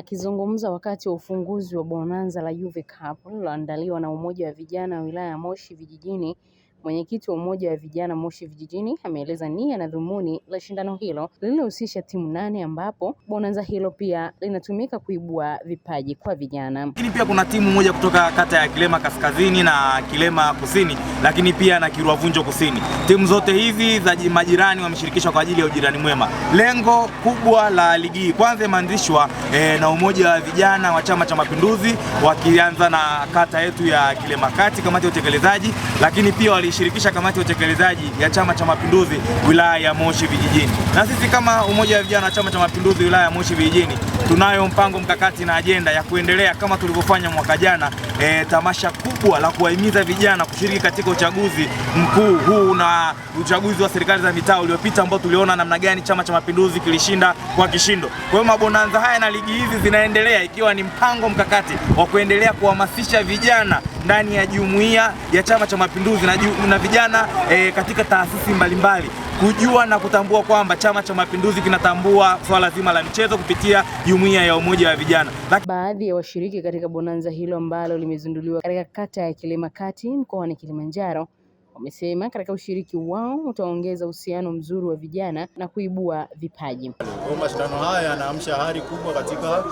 Akizungumza wakati wa ufunguzi wa bonanza la Juve Cup lililoandaliwa na umoja wa vijana wa wilaya ya Moshi vijijini Mwenyekiti wa Umoja wa Vijana Moshi Vijijini ameeleza nia na dhumuni la shindano hilo lililohusisha timu nane, ambapo bonanza hilo pia linatumika kuibua vipaji kwa vijana. Lakini pia kuna timu moja kutoka kata ya Kilema Kaskazini na Kilema Kusini, lakini pia na kiruavunjo Kusini. Timu zote hizi za majirani wameshirikishwa kwa ajili ya ujirani mwema. Lengo kubwa la ligi hii kwanza imeanzishwa e, na Umoja wa Vijana wa Chama cha Mapinduzi wakianza na kata yetu ya Kilema Kati, kamati ya utekelezaji, lakini pia wali kuishirikisha kamati ya utekelezaji ya Chama cha Mapinduzi wilaya ya Moshi Vijijini. Na sisi kama umoja wa vijana wa Chama cha Mapinduzi wilaya ya Moshi Vijijini tunayo mpango mkakati na ajenda ya kuendelea kama tulivyofanya mwaka jana, e, tamasha kubwa la kuwahimiza vijana kushiriki katika uchaguzi mkuu huu na uchaguzi wa serikali za mitaa uliopita ambao tuliona namna gani Chama cha Mapinduzi kilishinda kwa kishindo. Kwa hiyo mabonanza haya na ligi hizi zinaendelea ikiwa ni mpango mkakati wa kuendelea kuhamasisha vijana ndani ya jumuiya ya Chama cha Mapinduzi na, na vijana e, katika taasisi mbalimbali kujua na kutambua kwamba Chama cha Mapinduzi kinatambua swala zima la michezo kupitia jumuiya ya umoja wa vijana. Baadhi ya washiriki katika bonanza hilo ambalo limezinduliwa katika kata ya Kilema Kati mkoani Kilimanjaro Wamesema katika ushiriki wao utaongeza uhusiano mzuri wa vijana na kuibua vipaji. Kwa mashindano haya yanaamsha hari kubwa katika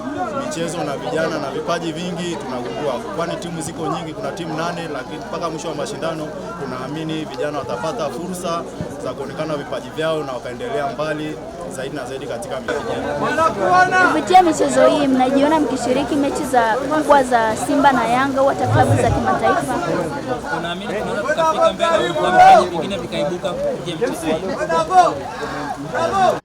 michezo na vijana na vipaji vingi tunagundua, kwani timu ziko nyingi, kuna timu nane, lakini mpaka mwisho wa mashindano tunaamini vijana watapata fursa za kuonekana vipaji vyao na wakaendelea mbali zaidi na zaidi katika michezo. Kupitia michezo hii mnajiona mkishiriki mechi za kubwa za Simba na Yanga au hata klabu za kimataifa?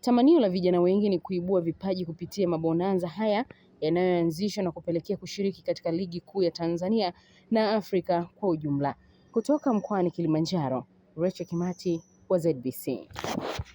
Tamanio la vijana wengi ni kuibua vipaji kupitia mabonanza haya yanayoanzishwa na kupelekea kushiriki katika ligi kuu ya Tanzania na Afrika kwa ujumla. Kutoka mkoani Kilimanjaro, Rachel Kimati, was it be seen?